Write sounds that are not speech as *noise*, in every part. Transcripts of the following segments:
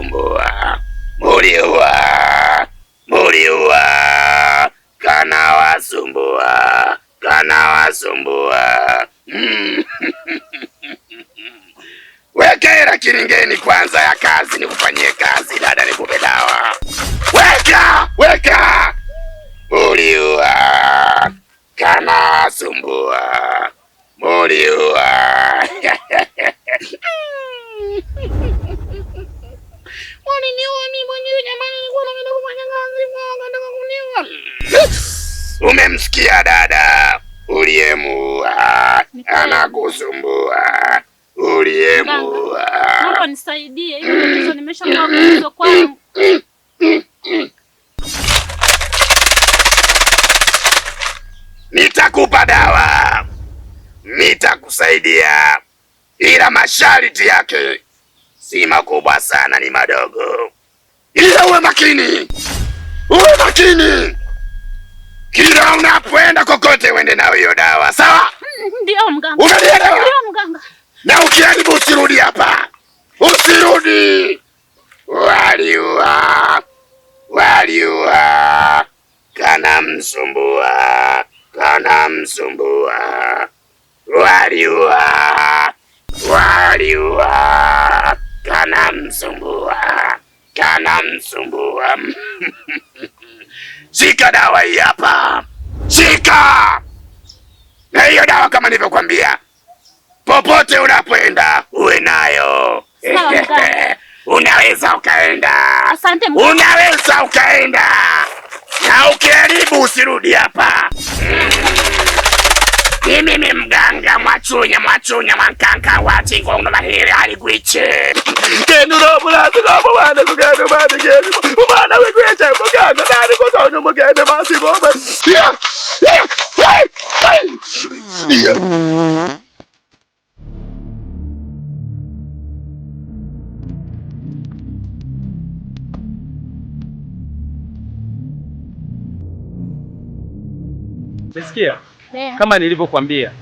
kunisumbua. Muliua, muliua, kanawasumbua, kana wasumbua. Hmm. *laughs* Weka hela kiringeni kwanza ya kazi, nikufanyie kazi dada, nikupe dawa. Weka, weka. Muliua, kanawasumbua, muliua Sikia dada, uliyemua anakusumbua, uliyemua. nisaidie, Nitakupa dawa, nitakusaidia, ila masharti yake si makubwa sana, ni madogo, ila uwe makini, uwe makini. Kila unapoenda kokote uende na hiyo dawa, sawa? *laughs* Ndio mganga. Unanielewa? Ndio mganga. Na ukiharibu usirudi hapa. Usirudi. Waliua. Waliua. Kana msumbua. Kana msumbua. Waliua. Waliua. Kana msumbua. Kana msumbua. *laughs* Shika dawa hii hapa, shika na hiyo dawa kama nilivyokuambia, popote unapoenda uwe nayo. *laughs* Unaweza ukaenda, unaweza ukaenda, na ukiharibu usirudi hapa. Mimi mganga mwachunya mwachunya mwankanka watingo unobahire ali gwiche kendura mulazi kamubana kugende mani gende umwana wegwiche muganga nani kutonya mugende masi ngobe Nasikia? Bea. Kama nilivyokuambia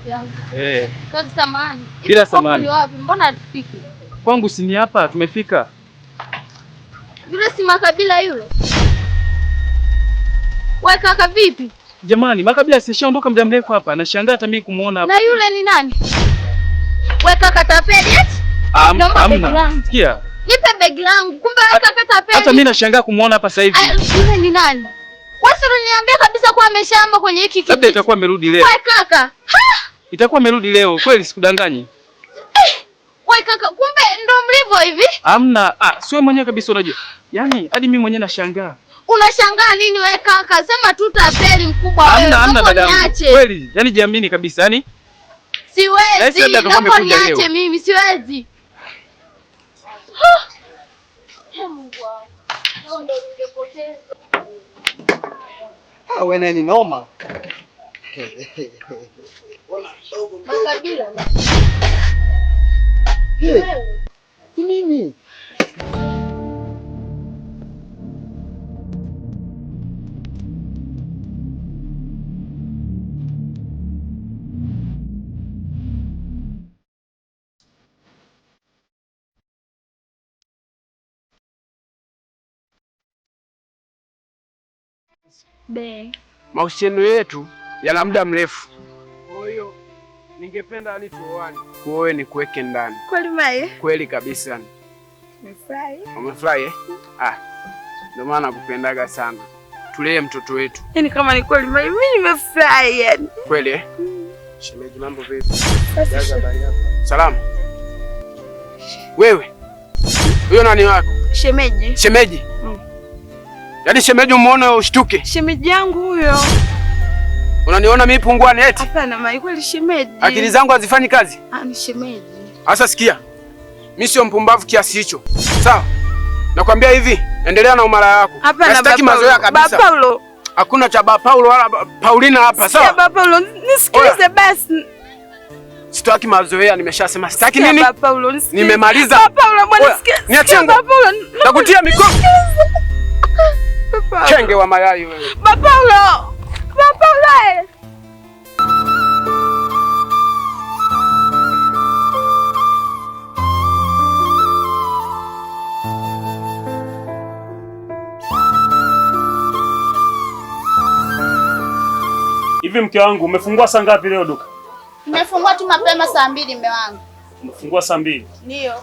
eh. Bila samani. Kwa wapi? Mbona hatufiki? Kwangu si ni hapa tumefika. Yule si makabila yule. Wewe kaka vipi? Jamani, makabila sishaondoka muda mrefu hapa. Nashangaa hata mimi kumuona hapa. Na yule ni nani? Wewe kaka tapeli eti? Naomba begi langu. Sikia. Nipe begi langu. Kumbe wewe kaka tapeli. Hata mimi nashangaa kumuona hapa sasa hivi. Yule ni nani? Sasa uliniambia kabisa kuwa ameshaamba kwenye hiki kitu. Labda itakuwa amerudi leo. Wai kaka. Ha? Itakuwa amerudi leo, kweli sikudanganyi. Eh, wai kaka, kumbe ndo mlivyo hivi? Amna, ah, sio mwenyewe kabisa unajua. Yaani hadi mimi mwenyewe nashangaa. Unashangaa nini wewe kaka? Sema tu tapeli mkubwa wewe. Amna, amna dada. Kweli, yani jiamini kabisa, yani. Siwezi. Naomba niache mimi, siwezi. Mungu wangu. Ndio Ndio ningepoteza. Ah, wewe ni noma. Makabila. Be. Mahusiano yetu yana muda mrefu, kwa ningependa hadi tuoane. Kuoe ni kuweke ndani. Kweli mae? Kweli kabisa. Umefurahi? Umefurahi eh? Ah. Ndio maana nakupendaga sana. Tulee mtoto wetu. Yaani kama ni kweli mae, mimi nimefurahi yani. Kweli eh? Mm. Shemeji mambo vipi? Salamu. Wewe. Huyo nani wako? Shemeji. Shemeji. Yaani shemeji umuone ushtuke. Shemeji yangu huyo. Unaniona mimi punguani eti? Hapana, mai kweli shemeji. Akili zangu hazifanyi kazi? Ah, ni shemeji. Sasa sikia. Mimi sio mpumbavu kiasi hicho. Sawa? Nakwambia hivi, endelea na umara yako. Hapana, sitaki mazoea kabisa. Baba Paulo. Hakuna cha Baba Paulo wala Paulina hapa, sawa? Baba Paulo, nisikilize basi. Sitaki mazoea, nimeshasema sitaki nini? Nimemaliza. Baba Paulo, mbona nisikilize? Niachie. Nakutia mikono. Chenge wa mayai wewe. Mapolo. Mapolo. Hivi mke wangu umefungua saa ngapi leo duka? Nimefungua tu mapema saa mbili mume wangu. Umefungua saa mbili? Ndio.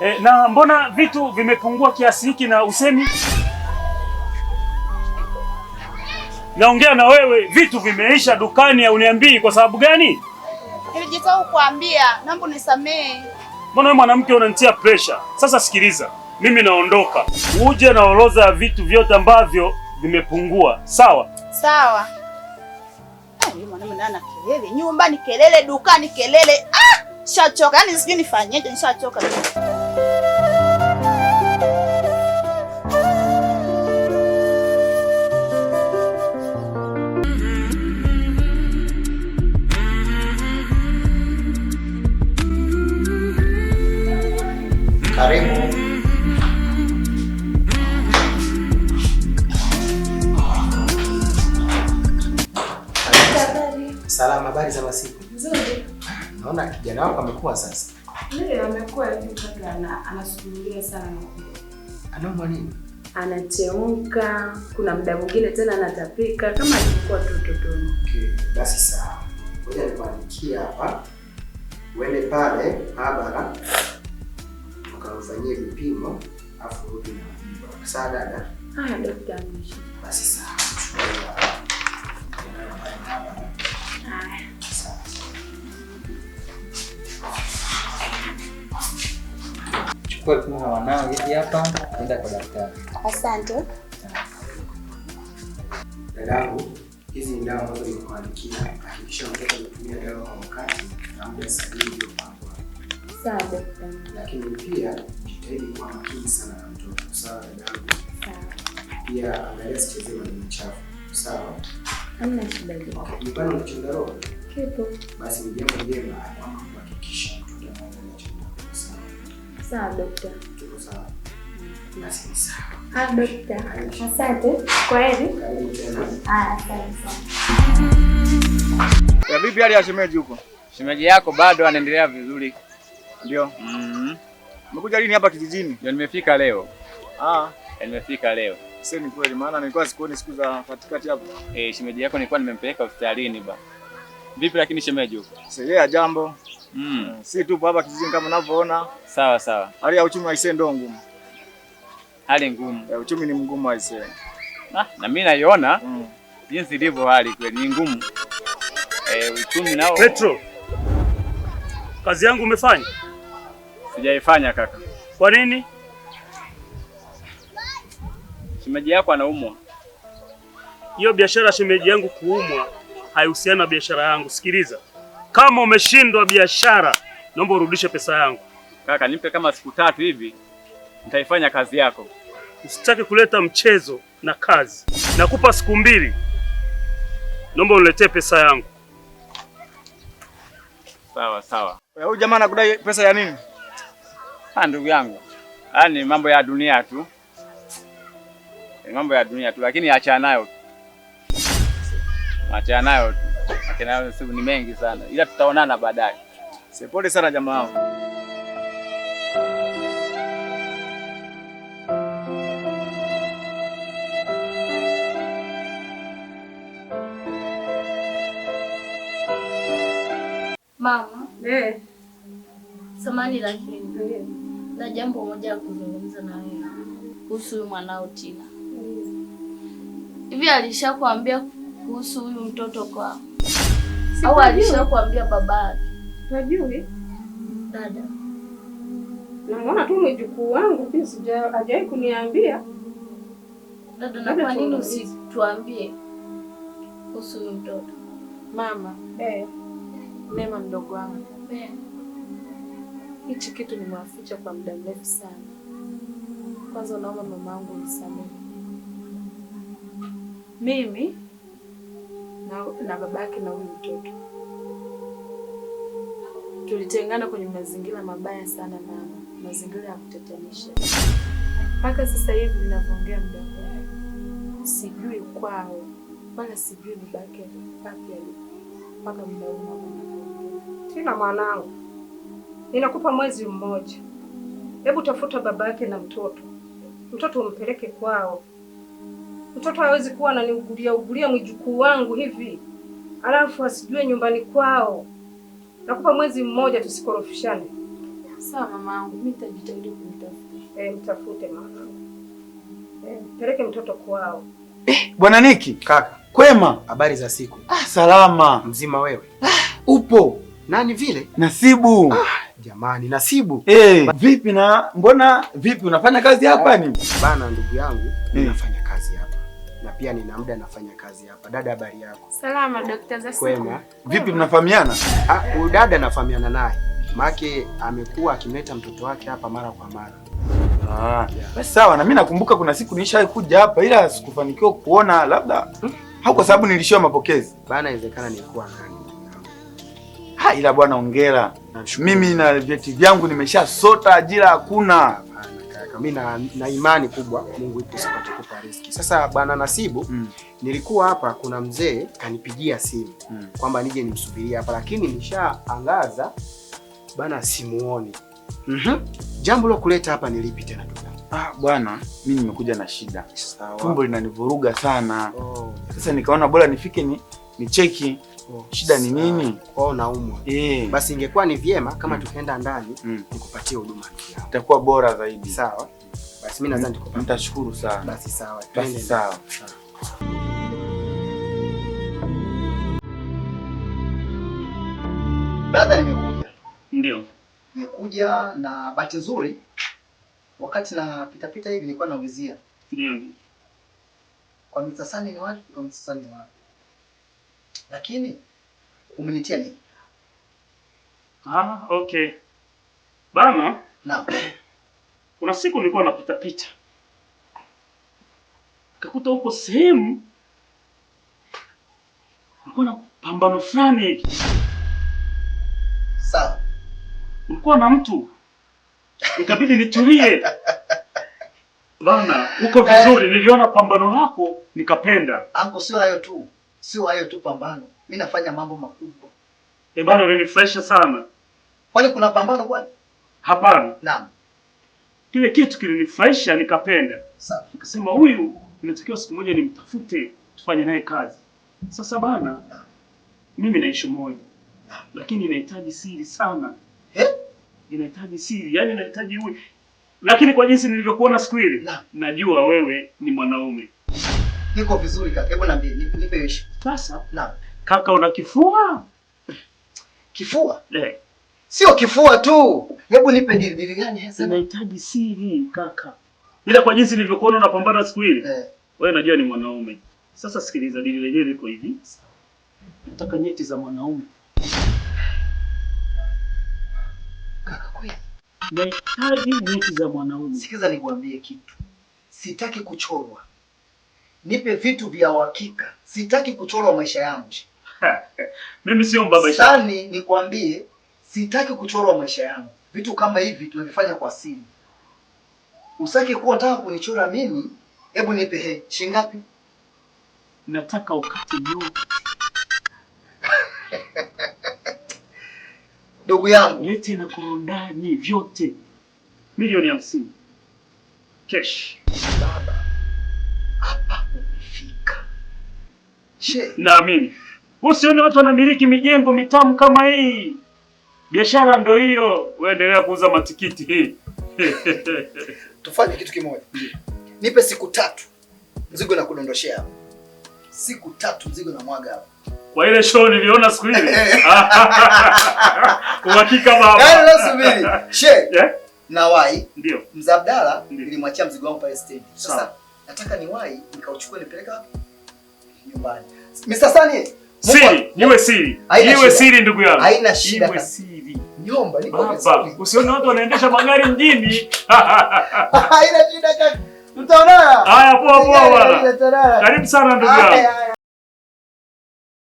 Eh, na mbona vitu vimepungua kiasi hiki na usemi? naongea na wewe, vitu vimeisha dukani, au niambii kwa sababu gani? Nilijitau kuambia, naomba unisamee. Mbona wewe mwanamke unanitia pressure? Sasa sikiliza, mimi naondoka, uje na orodha ya vitu vyote ambavyo vimepungua, sawa sawa? Ah, mwanamke kelele nyumbani, kelele dukani, kelele. Ah, shachoka Yaani sijui nifanyeje, nishachoka. anasugulia sana na anaomba nini? Anachemka, kuna muda mwingine tena anatapika kama alikuwa tu totoni. Okay, basi sawa, ngoja nikuandikie hapa, uende pale maabara ukamfanyie vipimo afu rudi na majibu. dada? Haya, daktari. Basi. sawa. chukua vipimo wanao hapa, enda kwa daktari. Asante dadangu. Hizi ni dawa ambazo nimekuandikia, hakikisha mtoto anatumia dawa kwa wakati na muda sahihi uliopangwa. Sawa daktari. Lakini pia jitahidi kuwa makini sana na mtoto. Sawa dadangu. Pia angalia sichezee maji machafu. Sawa. Hamna shida. Nyumbani una chandarua? Kipo. Basi ni jambo jema kwamba Sawa dokta. Mm. Ah, dokta, asante. Kwa heri. Ah, asante Vipi hali ya shemeji huko? Shemeji yako bado anaendelea vizuri. Ndio. Mhm. Umekuja lini hapa kijijini? Ndio nimefika leo. Ah, eh, nimefika leo. Sasa ni kweli maana nilikuwa sikuoni siku za katikati hapo. Eh, shemeji yako nilikuwa nimempeleka hospitalini ba. Vipi lakini shemeji huko? Sasa yeye ajambo. Mm. Eh, si tupo hapa kijijini kama unavyoona. Sawa sawa. Hali ya uchumi aisee ndo ngumu. Hali ngumu. Ya eh, uchumi ni mgumu aisee. Ah, na mimi naiona mm. jinsi mm. ilivyo hali kweli ni ngumu. Eh, uchumi nao. Petro. Kazi yangu umefanya? Sijaifanya kaka. Kwa nini? Shemeji yako anaumwa. Hiyo biashara shemeji yangu kuumwa haihusiani na biashara yangu. Sikiliza. Kama umeshindwa biashara, naomba urudishe pesa yangu. Kaka, nimpe kama siku tatu hivi, nitaifanya kazi yako. Usitaki kuleta mchezo na kazi. Nakupa siku mbili, naomba uniletee pesa yangu. Sawa sawa. Eh, huyu jamaa anakudai pesa ya nini? Ah, ndugu yangu, haya ah, ni mambo ya dunia tu, ni mambo ya dunia tu, lakini acha nayo, acha nayo tu ni mengi sana, ila tutaonana baadaye. sipole sana jamaa wangu. Mama, eh. samani lakini eh. na jambo moja kuzungumza na wewe kuhusu huyu mwanao Tina. Eh. Hivi alishakwambia kuhusu huyu mtoto kwao? au alishakuambia babake? Najui dada, namwona tu mjukuu wangu, pia sija hajawahi kuniambia dada. Na kwa nini usituambie kuhusu huyu mtoto mama? Eh, Mema mdogo wangu, eh. hichi kitu nimewaficha kwa muda mrefu sana. Kwanza naomba mama wangu nisamehe mimi na, na babake na huyu mtoto. Tulitengana kwenye mazingira mabaya sana mama, mazingira ya kutatanisha. Mpaka sasa hivi ninavyoongea muda sijui kwao wala sijui babake papi alipo mpaka muda huu. Tena mwanangu, ninakupa mwezi mmoja, hebu tafuta babake na mtoto, mtoto umpeleke kwao. Mtoto hawezi kuwa ananiugulia ugulia mjukuu wangu hivi, alafu asijue nyumbani kwao. Nakupa mwezi mmoja, tusikorofishane. Sawa mamangu, mimi nitajitahidi kumtafuta. Eh, mtafute mamangu. Eh, mtoto kwao. Eh, Bwana Niki, kaka. Kwema, habari za siku? Ah, salama. Mzima wewe? Ah, upo. Nani vile? Nasibu. Ah. Jamani, Nasibu. Eh, vipi na mbona vipi unafanya kazi hapa ni? Bana ndugu yangu, unafanya eh pia nina muda nafanya kazi hapa. Dada, habari yako? Salama Dr. Zasiku. Kwema. Vipi mnafahamiana? Ah, huyu dada nafahamiana naye. Maake amekuwa akimleta mtoto wake hapa mara kwa mara. Ah, basi sawa na mimi nakumbuka kuna siku nilishawahi kuja hapa ila sikufanikiwa kuona labda hmm? au kwa sababu nilishiwa mapokezi. Bana, inawezekana nilikuwa nani. Ha, ila bwana ongera. Mimi na vyeti vyangu nimeshasota, ajira hakuna. Afrika. Mimi na, na imani kubwa Mungu yupo sasa atakupa riziki. Sasa bwana Nasibu mm. nilikuwa hapa, kuna mzee kanipigia simu mm. kwamba nije nimsubiria hapa, lakini nishaangaza bwana, simuoni mm -hmm. jambo kuleta hapa nilipi tena Ah, bwana mimi nimekuja na shida, tumbo linanivuruga sana oh. Sasa nikaona bora nifike ni, ni cheki shida ni nini? Wao naumwa. Eh. Basi ingekuwa ni vyema kama mm. tukaenda ndani mm. nikupatie huduma yao. Itakuwa bora zaidi. Sawa. Basi mimi nadhani tuko. Nitashukuru sana. Basi sawa. Twende. Sawa. Brother, nimekuja. Ndio. Nimekuja na bahati nzuri wakati na pita pita hivi nilikuwa naulizia. Ndio. Kwa mtasani ni wapi? Kwa mtasani ni wapi? lakini umenitia nini? Ah, okay. Bana, naam. Kuna siku nilikuwa napita pita kakuta huko sehemu ulikuwa na pambano fulani hivi. Sawa. Ulikuwa na mtu nikabidi nitulie bana, uko vizuri, niliona pambano lako nikapenda. Anko, sio hayo tu Sio hayo tu pambano, mi nafanya mambo makubwa. Eh, bana, ulinifurahisha sana. Kwani kuna pambano bwana? Hapana. Naam. Kile kitu kilinifurahisha nikapenda. Sawa. Nikasema huyu inatakiwa siku moja nimtafute tufanye naye kazi. Sasa bana, mimi naishi moja, lakini inahitaji siri sana eh? Inahitaji siri, yaani inahitaji huyu, lakini kwa jinsi nilivyokuona siku ile, najua wewe ni mwanaume Kiko vizuri kaka. Hebu niambie, nipe hiyo Sasa? Naam. Kaka una kifua? Kifua? Eh. Sio kifua tu. Hebu nipe dili dili gani hasa? Ninahitaji siri kaka. Ila kwa jinsi nilivyokuona unapambana siku ile. Eh. Wewe unajua ni mwanaume. Sasa sikiliza dili lenyewe liko hivi. Nataka nyeti za mwanaume. Kaka kweli. Nahitaji nyeti za mwanaume. Sikiza nikuambie kitu. Sitaki kuchorwa nipe vitu vya uhakika, sitaki kuchorwa maisha yangu. *laughs* Mimi sio mbabaisha. Sani nikwambie, sitaki kuchorwa maisha yangu. Vitu kama hivi tunavifanya kwa simu Usaki kuwa nataka kunichora mimi, hebu nipe hei, shingapi? Nataka ukate yote. *laughs* Ndugu yangu, yote na kurundani vyote. Milioni hamsini. Cash hapa umefika. Naamini usione watu wanamiliki mijengo mitamu kama hii. Biashara ndio hiyo, uendelea kuuza matikiti hii. *laughs* Tufanye kitu kimoja, nipe siku tatu mzigo na kudondoshea hapa, siku tatu mzigo na mwaga hapa kwa ile show niliona siku ile. *laughs* Kwa hakika baba, yaani subiri *laughs* she yeah? na wai ndio mzee Abdalla nilimwachia mzigo wangu pale stendi sasa nataka ni wai nikauchukua nipeleka Nyumbani. Mr. Sani, siri, niwe siri. Niwe siri ndugu yangu. Haina shida. Niwe siri. Niomba niko vizuri. Usione watu wanaendesha magari mjini. *laughs* Haina shida kaka. Tutaonana. Haya poa poa bwana. Karibu sana ndugu yangu.